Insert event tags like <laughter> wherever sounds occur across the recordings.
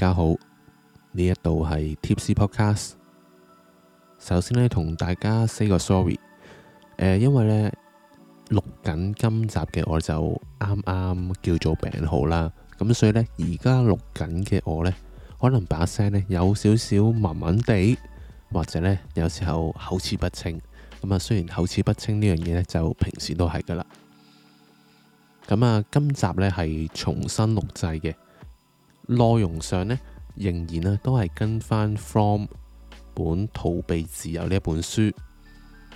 大家好，呢一度係 Tipsy Podcast。首先呢，同大家 say 個 sorry、呃。因為呢錄緊今集嘅我就啱啱叫做病好啦，咁所以呢，而家錄緊嘅我呢，可能把聲呢有少少文文地，或者呢有時候口齒不清。咁、嗯、啊，雖然口齒不清呢樣嘢呢，就平時都係噶啦。咁、嗯、啊，今集呢係重新錄製嘅。內容上呢，仍然咧都係跟翻 Fromm 本逃避自由呢一本書，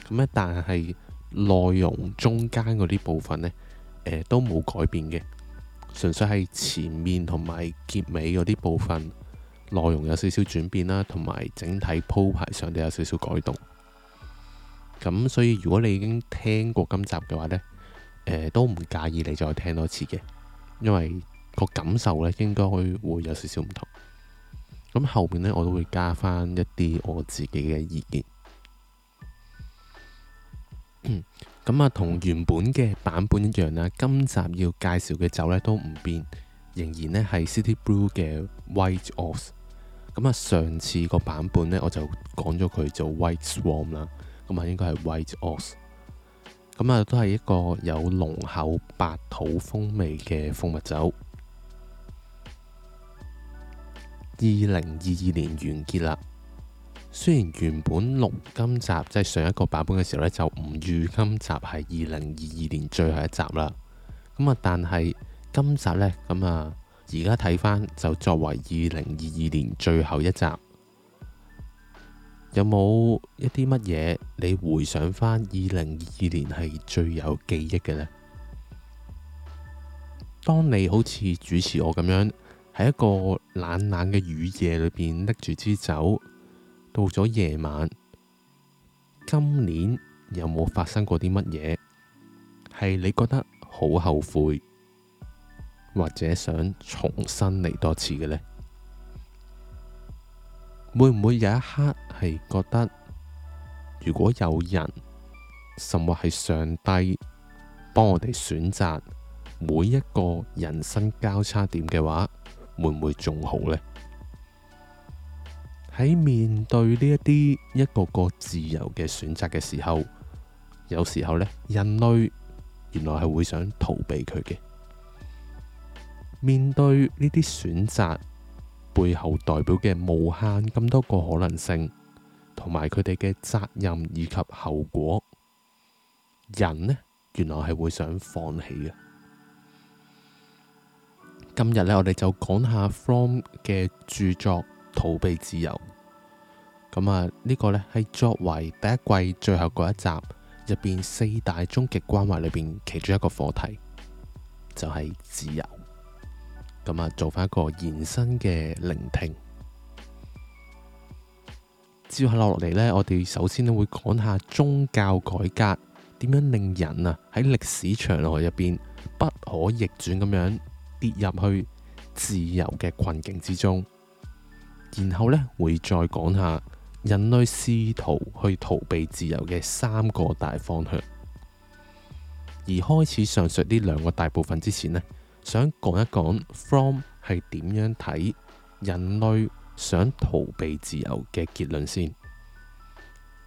咁咧但係內容中間嗰啲部分呢，呃、都冇改變嘅，純粹係前面同埋結尾嗰啲部分內容有少少轉變啦，同埋整體鋪排上都有少少改動。咁所以如果你已經聽過今集嘅話呢、呃，都唔介意你再聽多次嘅，因為。個感受咧，應該會有少少唔同。咁後邊咧，我都會加翻一啲我自己嘅意見。咁啊，同 <coughs> 原本嘅版本一樣啦。今集要介紹嘅酒咧都唔變，仍然呢係 City Blue 嘅 White Os。咁啊，上次個版本咧我就講咗佢做 White Swarm 啦。咁啊，應該係 White Os。咁啊，都係一個有濃厚白土風味嘅蜂蜜酒。二零二二年完結啦。雖然原本錄今集即係、就是、上一個版本嘅時候呢，就唔預今集係二零二二年最後一集啦。咁啊，但係今集呢，咁啊，而家睇翻就作為二零二二年最後一集，有冇一啲乜嘢你回想翻二零二二年係最有記憶嘅呢？當你好似主持我咁樣。喺一個冷冷嘅雨夜裏邊拎住支酒，到咗夜晚，今年有冇發生過啲乜嘢？係你覺得好後悔，或者想重新嚟多次嘅呢？會唔會有一刻係覺得，如果有人，甚或係上帝，幫我哋選擇每一個人生交叉點嘅話？會唔會仲好呢？喺面對呢一啲一個個自由嘅選擇嘅時候，有時候呢，人類原來係會想逃避佢嘅。面對呢啲選擇背後代表嘅無限咁多個可能性，同埋佢哋嘅責任以及後果，人呢原來係會想放棄嘅。今日咧，我哋就講下 Fromm 嘅著作《逃避自由》。咁啊，呢、這個呢係作為第一季最後嗰一集入邊四大終極關懷裏邊其中一個課題，就係、是、自由。咁啊，做翻一個延伸嘅聆聽。接下落嚟呢，我哋首先咧會講下宗教改革點樣令人啊喺歷史長河入邊不可逆轉咁樣。跌入去自由嘅困境之中，然後呢會再講下人類試圖去逃避自由嘅三個大方向。而開始上述呢兩個大部分之前呢，想講一講 Fromm 係點樣睇人類想逃避自由嘅結論先。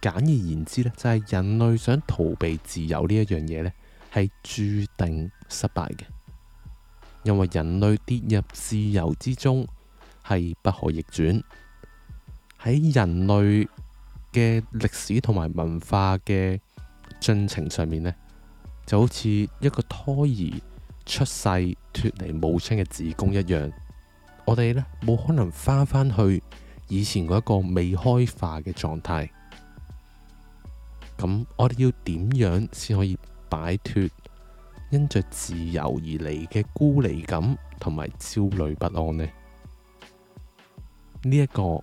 簡而言之呢就係、是、人類想逃避自由呢一樣嘢呢係注定失敗嘅。因為人類跌入自由之中係不可逆轉，喺人類嘅歷史同埋文化嘅進程上面呢就好似一個胎兒出世脫離母親嘅子宮一樣，我哋呢冇可能翻返去以前嗰一個未開化嘅狀態。咁我哋要點樣先可以擺脫？因着自由而嚟嘅孤離感同埋焦慮不安呢，呢一個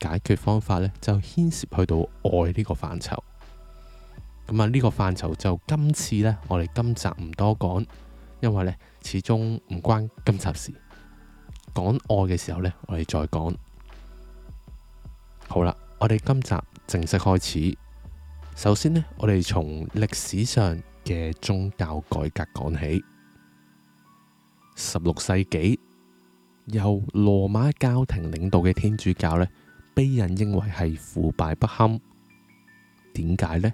解決方法呢，就牽涉去到愛呢個範疇。咁啊，呢個範疇就今次呢，我哋今集唔多講，因為呢，始終唔關今集事。講愛嘅時候呢，我哋再講。好啦，我哋今集正式開始。首先呢，我哋從歷史上嘅宗教改革講起，十六世紀由羅馬教廷領導嘅天主教呢，被人認為係腐敗不堪。點解呢？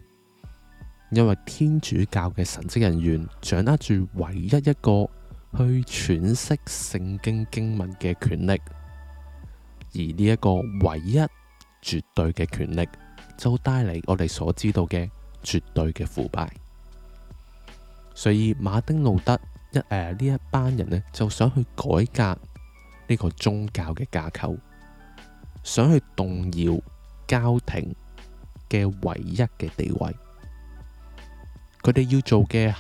因為天主教嘅神職人員掌握住唯一一個去詮釋聖經經文嘅權力，而呢一個唯一絕對嘅權力就帶嚟我哋所知道嘅絕對嘅腐敗。所以馬丁路德一誒呢、呃、一班人呢，就想去改革呢個宗教嘅架構，想去動搖教廷嘅唯一嘅地位。佢哋要做嘅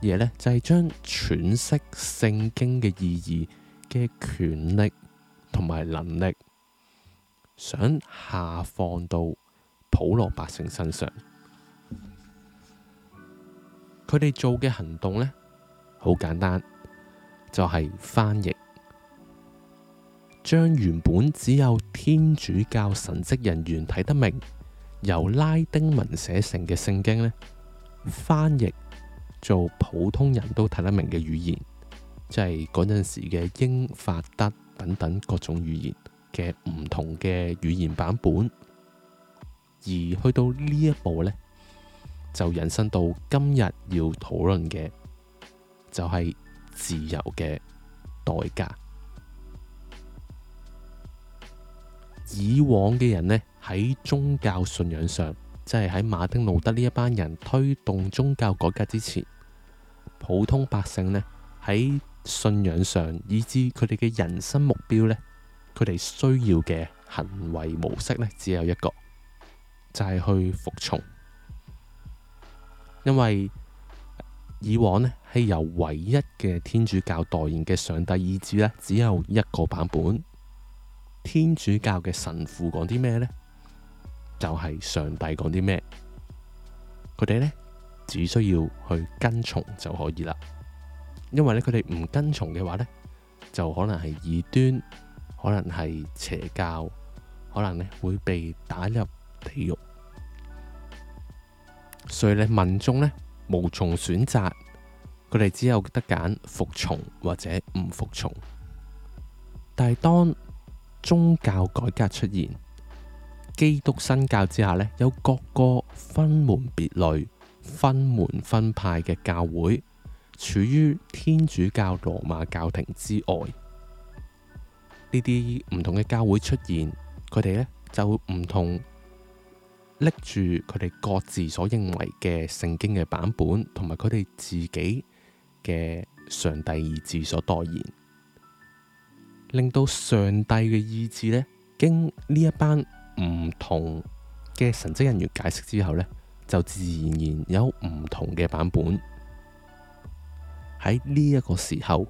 嘢呢，就係、是、將詮釋聖經嘅意義嘅權力同埋能力，想下放到普羅百姓身上。佢哋做嘅行動呢，好簡單，就係翻譯，將原本只有天主教神職人員睇得明，由拉丁文寫成嘅聖經呢，翻譯做普通人都睇得明嘅語言，即係嗰陣時嘅英法德等等各種語言嘅唔同嘅語言版本，而去到呢一步呢。就引申到今日要討論嘅，就係自由嘅代價。以往嘅人呢，喺宗教信仰上，即係喺馬丁路德呢一班人推動宗教改革之前，普通百姓呢，喺信仰上，以至佢哋嘅人生目標呢，佢哋需要嘅行為模式呢，只有一個，就係去服從。因為以往呢係由唯一嘅天主教代言嘅上帝意志呢，只有一個版本，天主教嘅神父講啲咩呢？就係上帝講啲咩，佢哋呢，只需要去跟從就可以啦。因為呢，佢哋唔跟從嘅話呢，就可能係異端，可能係邪教，可能呢會被打入地獄。所以咧，民眾呢，無從選擇，佢哋只有得揀服從或者唔服從。但係當宗教改革出現，基督新教之下呢，有各個分門別類、分門分派嘅教會，處於天主教羅馬教廷之外，呢啲唔同嘅教會出現，佢哋呢就唔同。拎住佢哋各自所認為嘅聖經嘅版本，同埋佢哋自己嘅上帝意志所代言，令到上帝嘅意志呢，經呢一班唔同嘅神職人員解釋之後呢，就自然有唔同嘅版本。喺呢一個時候，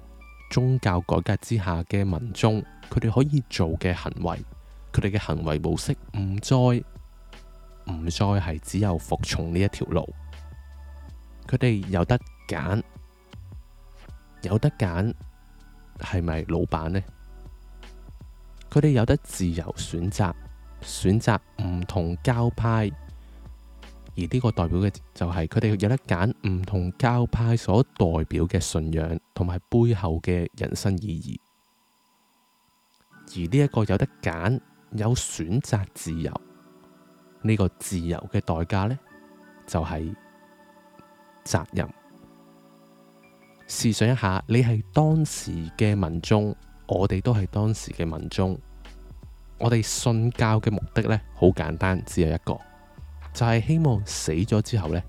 宗教改革之下嘅民眾，佢哋可以做嘅行為，佢哋嘅行為模式唔再。唔再係只有服從呢一條路，佢哋有得揀，有得揀係咪老闆呢？佢哋有得自由選擇，選擇唔同教派。而呢個代表嘅就係佢哋有得揀唔同教派所代表嘅信仰同埋背後嘅人生意義，而呢一個有得揀，有選擇自由。呢個自由嘅代價呢，就係責任。試想一下，你係當時嘅民眾，我哋都係當時嘅民眾。我哋信教嘅目的呢，好簡單，只有一個，就係希望死咗之後呢，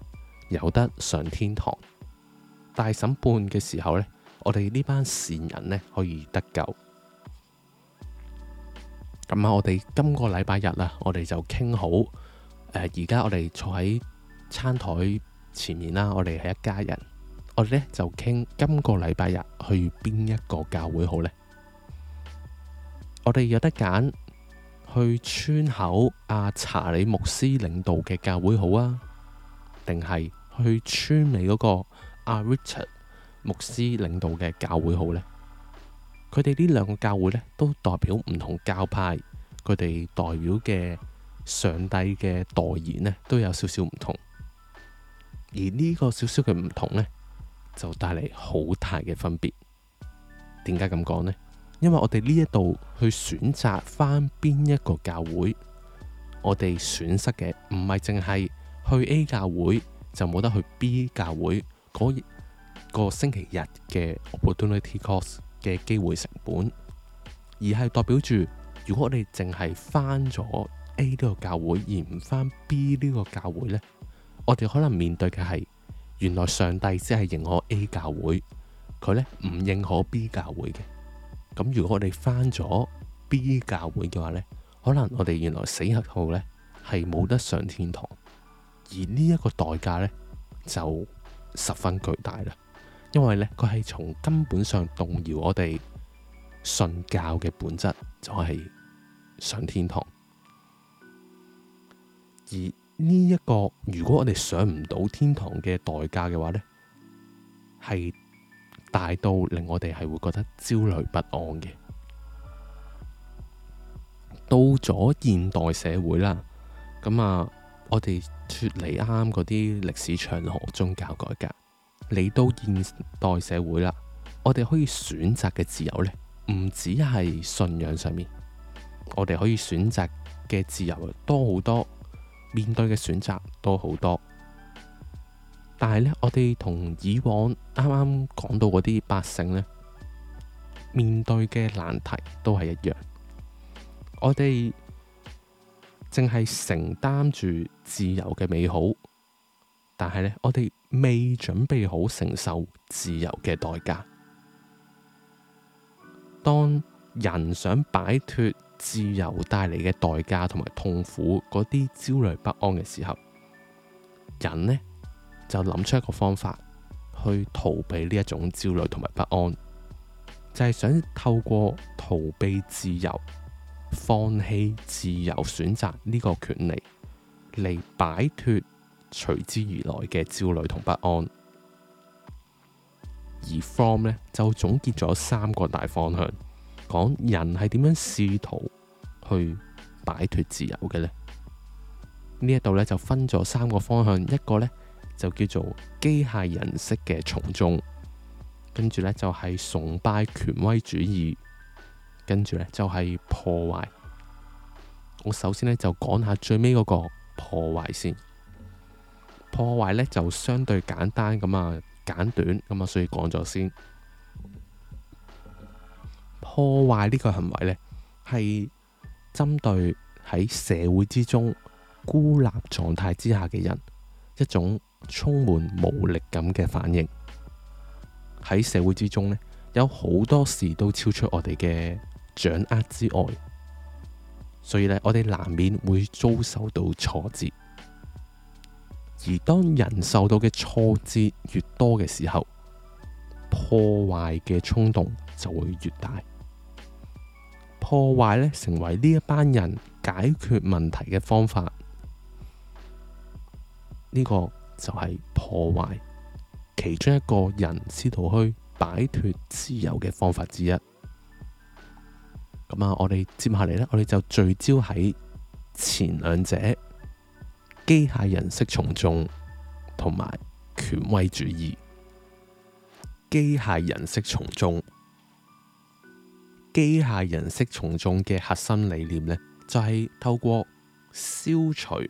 有得上天堂。大審判嘅時候呢，我哋呢班善人呢，可以得救。咁啊，我哋今個禮拜日啊，我哋就傾好。而家，呃、我哋坐喺餐枱前面啦，我哋係一家人，我哋咧就傾今個禮拜日去邊一個教會好呢？我哋有得揀去村口阿，啊、查理牧師領導嘅教會好啊，定係去村尾嗰個阿，啊、Richard 牧師領導嘅教會好呢？佢哋呢兩個教會呢，都代表唔同教派，佢哋代表嘅上帝嘅代言呢都有少少唔同，而呢個少少嘅唔同呢，就帶嚟好大嘅分別。點解咁講呢？因為我哋呢一度去選擇翻邊一個教會，我哋損失嘅唔係淨係去 A 教會就冇得去 B 教會嗰個星期日嘅 Opportunity Cost 嘅機會成本，而係代表住如果我哋淨係翻咗。A 呢個教會而唔翻 B 呢個教會呢，我哋可能面對嘅係原來上帝只係認可 A 教會，佢呢唔認可 B 教會嘅。咁如果我哋翻咗 B 教會嘅話呢，可能我哋原來死黑號呢係冇得上天堂，而呢一個代價呢就十分巨大啦。因為呢，佢係從根本上動搖我哋信教嘅本質，就係上天堂。而呢一個，如果我哋上唔到天堂嘅代價嘅話呢，係大到令我哋係會覺得焦慮不安嘅。到咗現代社會啦，咁啊，我哋脫離啱嗰啲歷史長河宗教改革，嚟到現代社會啦，我哋可以選擇嘅自由呢，唔止係信仰上面，我哋可以選擇嘅自由多好多。面對嘅選擇都好多，但係呢，我哋同以往啱啱講到嗰啲百姓咧，面對嘅難題都係一樣。我哋淨係承擔住自由嘅美好，但係呢，我哋未準備好承受自由嘅代價。當人想擺脫自由帶嚟嘅代價同埋痛苦，嗰啲焦慮不安嘅時候，人呢就諗出一個方法去逃避呢一種焦慮同埋不安，就係想透過逃避自由，放棄自由選擇呢個權利，嚟擺脫隨之而來嘅焦慮同不安。而 Fromm 呢，就總結咗三個大方向。講人係點樣試圖去擺脫自由嘅呢？呢一度咧就分咗三個方向，一個呢，就叫做機械人式嘅從眾，跟住呢，就係崇拜權威主義，跟住呢，就係破壞。我首先呢，就講下最尾嗰個破壞先。破壞呢，就相對簡單咁啊，簡短咁啊，所以講咗先。破壞呢個行為呢係針對喺社會之中孤立狀態之下嘅人，一種充滿無力感嘅反應。喺社會之中呢有好多事都超出我哋嘅掌握之外，所以咧，我哋難免會遭受到挫折。而當人受到嘅挫折越多嘅時候，破壞嘅衝動就會越大。破壞咧，成為呢一班人解決問題嘅方法，呢、這個就係破壞其中一個人試圖去擺脫自由嘅方法之一。咁啊，我哋接下嚟咧，我哋就聚焦喺前兩者，機械人式從眾同埋權威主義。機械人式從眾。機械人式從眾嘅核心理念呢，就係透過消除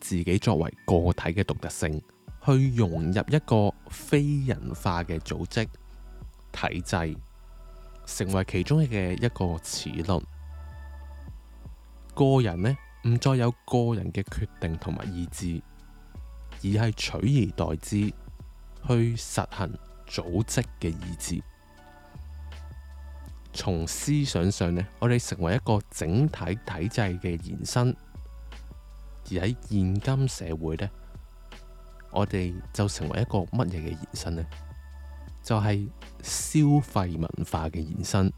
自己作為個體嘅獨特性，去融入一個非人化嘅組織體制，成為其中嘅一個齒輪。個人呢，唔再有個人嘅決定同埋意志，而係取而代之去實行組織嘅意志。從思想上呢，我哋成為一個整體體制嘅延伸；而喺現今社會呢，我哋就成為一個乜嘢嘅延伸呢？就係消費文化嘅延伸。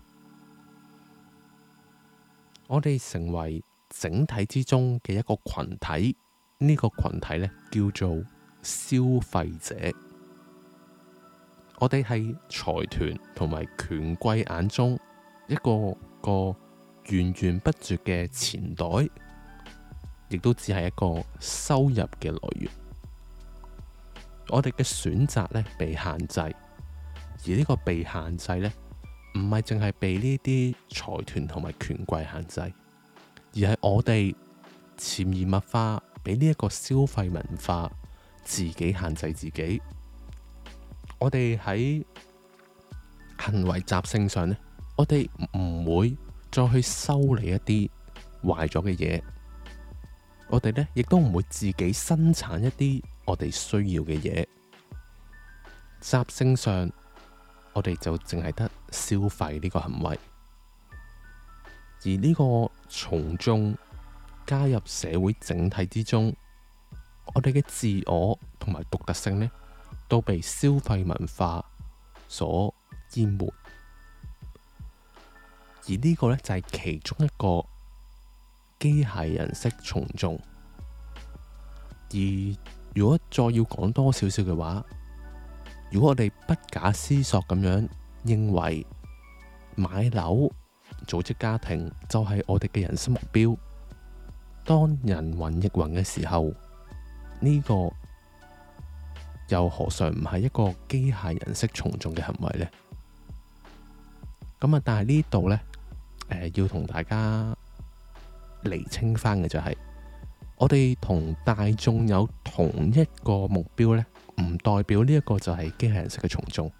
我哋成為整體之中嘅一個群體，呢個群體呢叫做消費者。我哋係財團同埋權貴眼中，一個一個源源不絕嘅錢袋，亦都只係一個收入嘅來源。我哋嘅選擇呢，被限制，而呢個被限制呢，唔係淨係被呢啲財團同埋權貴限制，而係我哋潛移默化俾呢一個消費文化自己限制自己。我哋喺行為習性上呢。我哋唔會再去修理一啲壞咗嘅嘢，我哋呢亦都唔會自己生產一啲我哋需要嘅嘢，習性上我哋就淨係得消費呢個行為，而呢個從眾加入社會整體之中，我哋嘅自我同埋獨特性呢，都被消費文化所淹沒。而呢個呢，就係其中一個機械人式從眾。而如果再要講多少少嘅話，如果我哋不假思索咁樣認為買樓、組織家庭就係我哋嘅人生目標，當人云亦云嘅時候，呢個又何嘗唔係一個機械人式從眾嘅行為呢？咁啊，但係呢度呢。誒，要同大家厘清翻嘅就係、是，我哋同大眾有同一個目標呢，唔代表呢一個就係機械人式嘅從眾。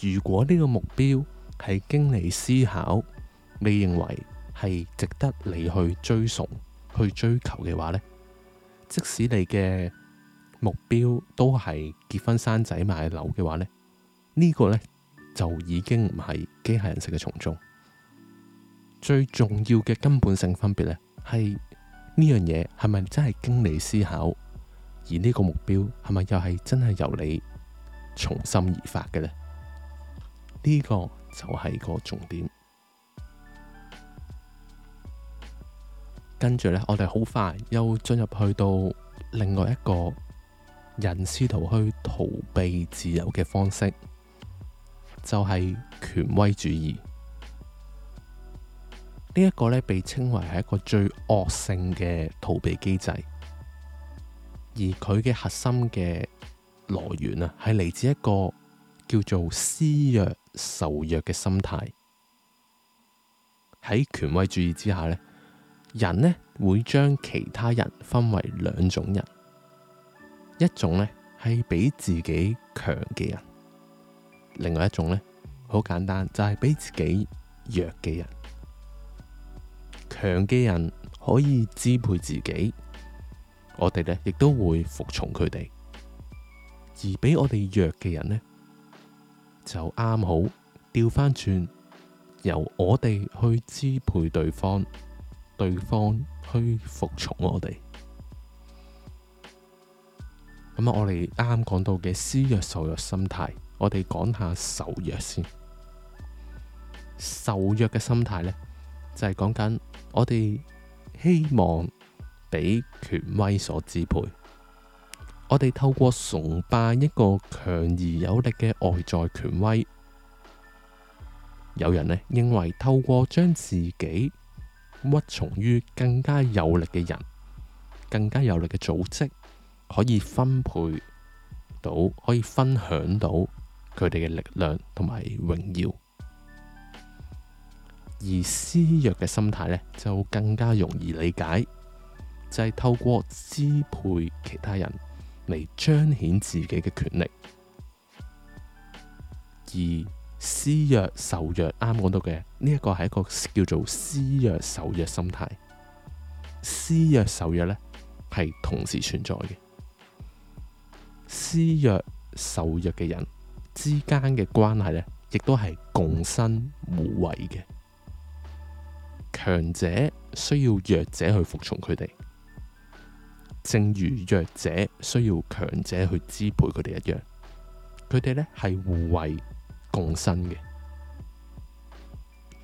如果呢個目標係經你思考，你認為係值得你去追崇、去追求嘅話呢，即使你嘅目標都係結婚生仔、買樓嘅話呢呢、呢個呢就已經唔係機械人式嘅從眾。最重要嘅根本性分別呢，係呢樣嘢係咪真係經你思考，而呢個目標係咪又係真係由你從心而發嘅呢？呢、呢個就係個重點。跟住呢，我哋好快又進入去到另外一個人試圖去逃避自由嘅方式，就係、係、權威主義。呢一個呢被稱為係一個最惡性嘅逃避機制，而佢嘅核心嘅來源啊，係嚟自一個叫做施虐受虐嘅心態。喺權威主義之下呢人呢會將其他人分為兩種人，一種呢係比自己強嘅人，另外一種呢，好簡單，就係、是、比自己弱嘅人。強嘅人可以支配自己，我哋咧亦都會服從佢哋；而俾我哋弱嘅人咧，就啱好掉返轉，由我哋去支配對方，對方去服從我哋。咁啊，我哋啱啱講到嘅施虐受虐心態，我哋講下受虐先。受虐嘅心態咧，就係講緊。我哋希望畀權威所支配，我哋透過崇拜一個強而有力嘅外在權威。有人呢，認為透過將自己屈從於更加有力嘅人、更加有力嘅組織，可以分配到、可以分享到佢哋嘅力量同埋榮耀。而施虐嘅心態咧，就更加容易理解，就係、是、透過支配其他人嚟，彰顯自己嘅權力。而施虐受虐，啱講到嘅呢一個係一個叫做施虐受虐心態。施虐受虐咧，係同時存在嘅，施虐受虐嘅人之間嘅關係咧，亦都係共生互惠嘅。強者需要弱者去服從佢哋，正如弱者需要強者去支配佢哋一樣，佢哋呢係互為共生嘅。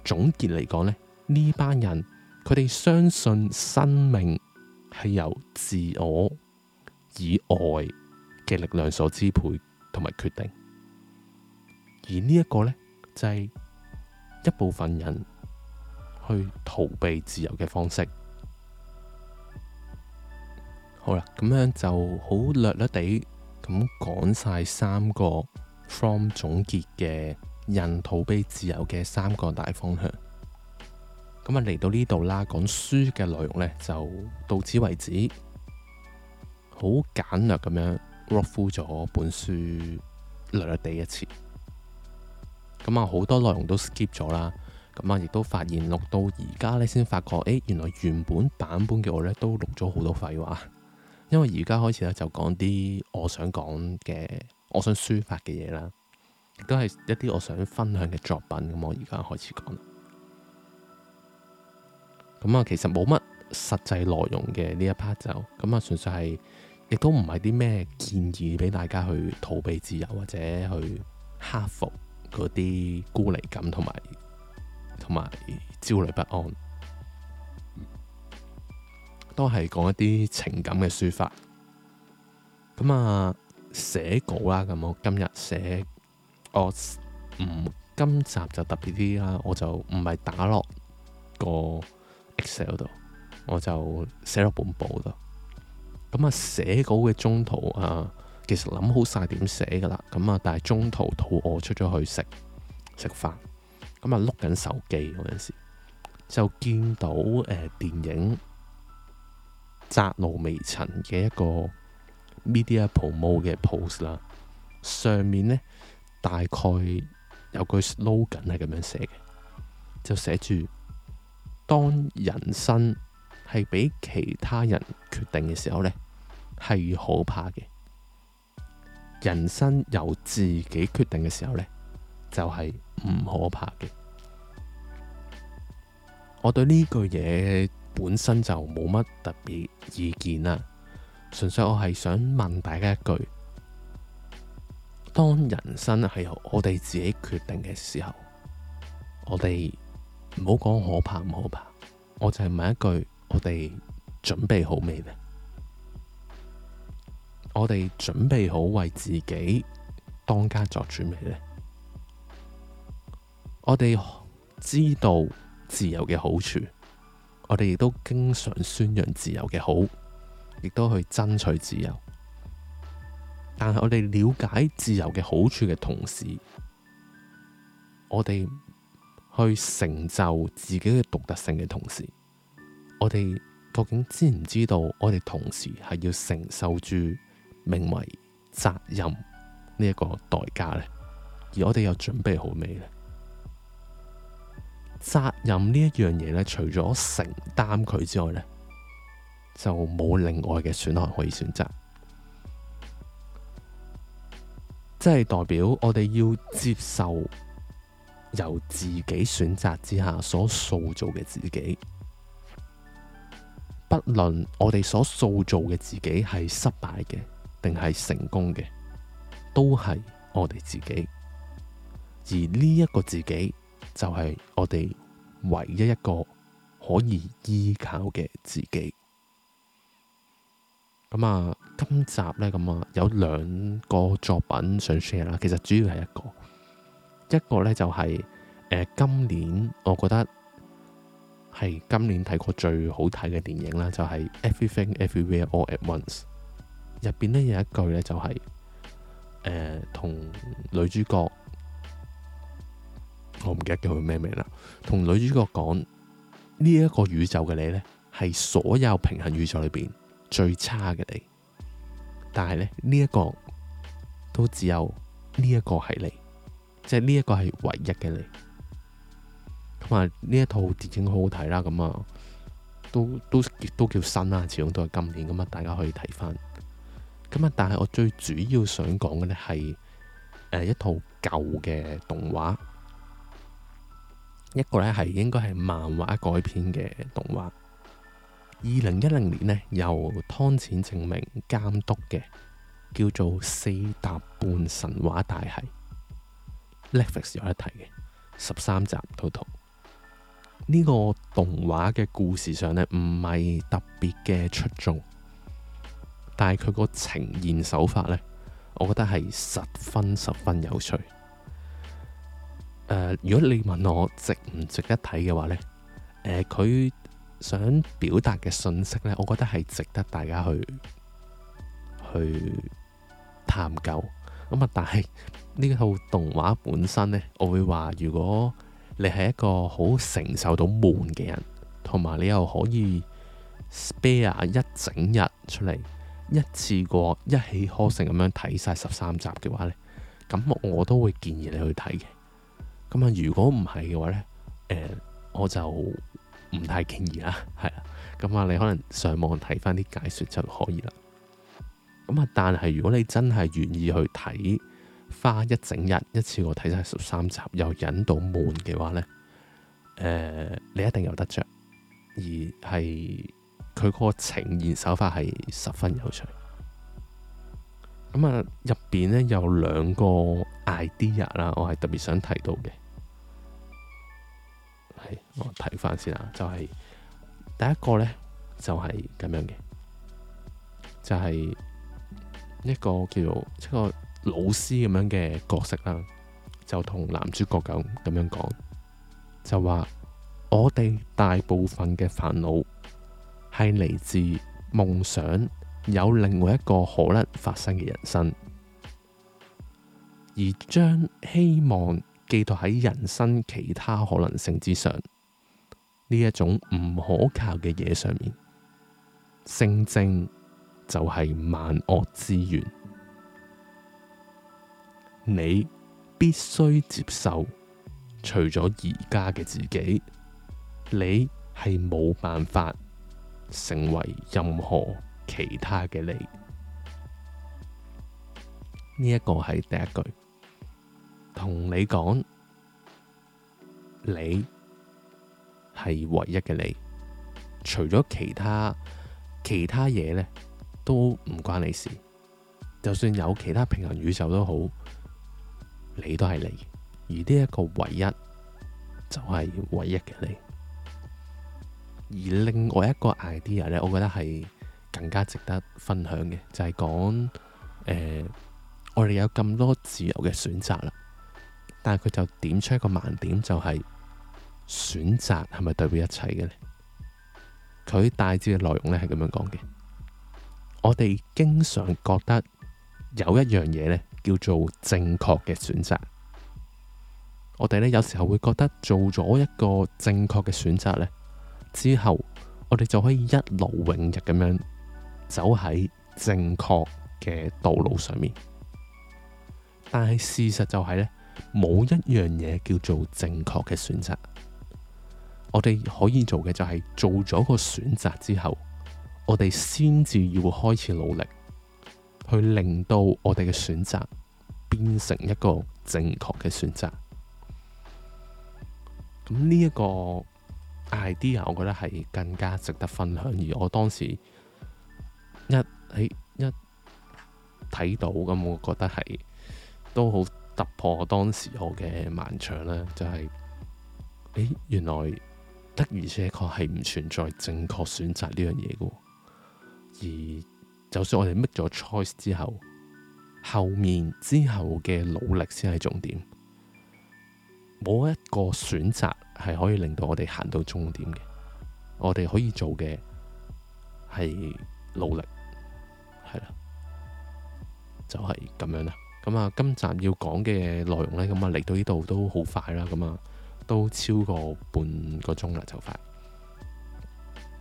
總結嚟講呢，呢班人佢哋相信生命係由自我以外嘅力量所支配同埋決定，而呢一個呢，就係一部分人，去逃避自由嘅方式，好啦，咁樣就好略略地咁講晒三個 Fromm 總結嘅人逃避自由嘅三個大方向。咁、嗯、啊，嚟到呢度啦，講書嘅內容呢就到此為止，好簡略咁樣 wrap up 咗本書略略地一次。咁、嗯、啊，好多內容都 skip 咗啦。咁啊，亦都發現錄到而家咧，先發覺，誒，原來原本版本嘅我咧，都錄咗好多廢話。因為而家開始咧，就講啲我想講嘅，我想抒發嘅嘢啦，亦都係一啲我想分享嘅作品。咁我而家開始講。咁啊，其實冇乜實際內容嘅呢一 part 就，咁啊，純粹係，亦都唔係啲咩建議俾大家去逃避自由或者去克服嗰啲孤離感同埋。同埋焦慮不安，嗯、都係講一啲情感嘅抒發。咁啊，寫稿啦，咁我今日寫，我、哦、唔今集就特別啲啦，我就唔係打落個 Excel 度，我就寫落本簿度。咁啊，寫稿嘅中途啊，其實諗好晒點寫㗎喇，咁啊，但係中途肚餓，出咗去食食飯。.咁啊，碌緊手機嗰陣時，就見到誒、呃、電影《窄路微塵》嘅一個 media promo 嘅 post 啦。上面呢，大概有句 slogan 係咁樣寫嘅，就寫住：當人生係俾其他人決定嘅時候呢，係可怕嘅；人生由自己決定嘅時候呢，就係、是。唔可怕嘅。我對呢句嘢，本身就冇乜特別意見啦。純粹我係想問大家一句：當人生係由我哋自己決定嘅時候，我哋唔好講可怕唔可怕，我就係問一句：我哋準備好未呢？我哋準備好為自己當家作主未呢？我哋知道自由嘅好處，我哋亦都經常宣揚自由嘅好，亦都去爭取自由。但係我哋了解自由嘅好處嘅同時，我哋去成就自己嘅獨特性嘅同時，我哋究竟知唔知道我哋同時係要承受住名為責任呢一個代價呢？而我哋又準備好未呢？責任呢一樣嘢咧，除咗承擔佢之外咧，就冇另外嘅選項可以選擇，即係代表我哋要接受由自己選擇之下所塑造嘅自己，不論我哋所塑造嘅自己係失敗嘅，定係成功嘅，都係我哋自己，而呢一個自己。就係我哋唯一一個可以依靠嘅自己。咁啊，今集咧咁啊，有兩個作品想 share 啦。其實主要係一個，一個呢就係呃，今年我覺得係今年睇過最好睇嘅電影啦，就係《Everything Everywhere All At Once》。入邊呢有一句呢就係呃，同女主角。我唔記得叫佢咩名啦。同女主角講，呢一個宇宙嘅你呢，係所有平行宇宙裏邊最差嘅你。但係呢，呢、這、一個都只有呢一個係你，即係呢一個係唯一嘅你。咁、嗯、啊，呢一套電影好好睇啦。咁、嗯、啊，都都都叫新啦，始終都係今年咁啊、嗯，大家可以睇返。咁、嗯、啊，但係我最主要想講嘅呢，係、呃、誒一套舊嘅動畫。一個呢係應該係漫畫改編嘅動畫，二零一零年呢，由湯淺證明監督嘅，叫做《四疊半神話大系》，Netflix 有得睇嘅，十三集套同。呢、這個動畫嘅故事上呢，唔係特別嘅出衆，但係佢個呈現手法呢，我覺得係十分十分有趣。誒、呃，如果你問我值唔值得睇嘅話呢，佢、呃、想表達嘅信息呢，我覺得係值得大家去去探究咁啊、嗯。但係呢套動畫本身呢，我會話，如果你係一個好承受到悶嘅人，同埋你又可以 spare 一整日出嚟，一次過一氣呵成咁樣睇晒十三集嘅話呢，咁我都會建議你去睇嘅。咁啊，如果唔係嘅話呢，誒、呃，我就唔太建議啦，係啦。咁、嗯、啊，你可能上網睇翻啲解說就可以啦。咁啊，但係如果你真係願意去睇，花一整日一次，我睇晒十三集，又忍到悶嘅話呢，誒、呃，你一定有得着，而係佢嗰個呈現手法係十分有趣。咁啊，入邊咧有兩個 idea 啦，我係特別想提到嘅。係我睇翻先啊，就係、是、第一個咧，就係、是、咁樣嘅，就係、是、一個叫做、就是、一個老師咁樣嘅角色啦，就同男主角咁咁樣講，就話我哋大部分嘅煩惱係嚟自夢想。有另外一個可能發生嘅人生，而將希望寄託喺人生其他可能性之上，呢一種唔可靠嘅嘢上面，聖正就係萬惡之源。你必須接受，除咗而家嘅自己，你係冇辦法成為任何。其他嘅你，呢、這、一個係第一句，同你講，你係唯一嘅你，除咗其他其他嘢咧，都唔關你事。就算有其他平行宇宙都好，你都係你，而呢一個唯一就係、是、唯一嘅你。而另外一個 idea 咧，我覺得係，更加值得分享嘅就係講誒，我哋有咁多自由嘅選擇啦，但係佢就點出一個盲點，就是，就係選擇係咪代表一切嘅咧？佢大致嘅內容咧係咁樣講嘅。我哋經常覺得有一樣嘢咧叫做正確嘅選擇，我哋咧有時候會覺得做咗一個正確嘅選擇咧之後，我哋就可以一勞永逸咁樣。走喺正確嘅道路上面，但係事實就係咧，冇一樣嘢叫做正確嘅選擇。我哋可以做嘅就係做咗個選擇之後，我哋先至要開始努力，去令到我哋嘅選擇變成一個正確嘅選擇。咁呢一個 idea，我覺得係更加值得分享。而我當時，一睇到咁，我覺得係都好突破當時我嘅盲腸啦。就係、誒、原來得而且確係唔存在正確選擇呢樣嘢嘅。而就算我哋 make 咗 choice 之後，後面之後嘅努力先係重點。冇一個選擇係可以令到我哋行到終點嘅。我哋可以做嘅係努力。就係咁樣啦，咁啊，今集要講嘅內容呢，咁啊嚟到呢度都好快啦，咁啊都超過半個鐘啦就快，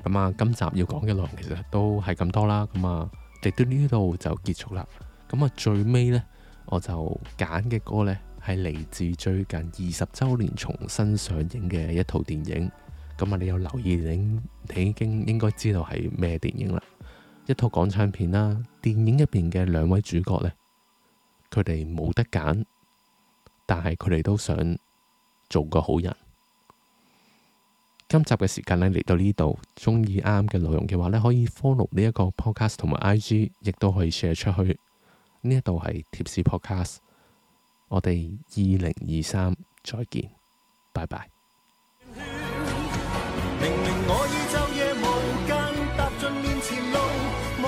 咁啊，今集要講嘅內容其實都係咁多啦，咁啊嚟到呢度就結束啦，咁啊最尾呢，我就揀嘅歌呢，係嚟自最近二十周年重新上映嘅一套電影，咁啊你有留意你，你已經應該知道係咩電影啦。一套港產片啦，電影入邊嘅兩位主角呢，佢哋冇得揀，但係佢哋都想做個好人。今集嘅時間呢嚟到呢度，中意啱嘅內容嘅話呢，可以 follow 呢一個 podcast 同埋 IG，亦都可以 share 出去。呢一度係貼士 podcast，我哋二零二三再見，拜拜。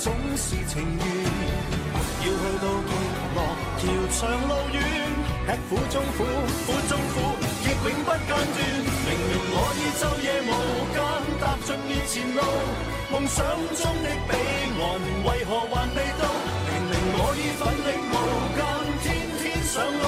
總是情願要去到極樂，橋長路遠，吃苦中苦，苦中苦，亦永不間斷，明明我已晝夜無間踏盡面前路，夢想中的彼岸為何還未到？明明我已奮力無間，天天上路。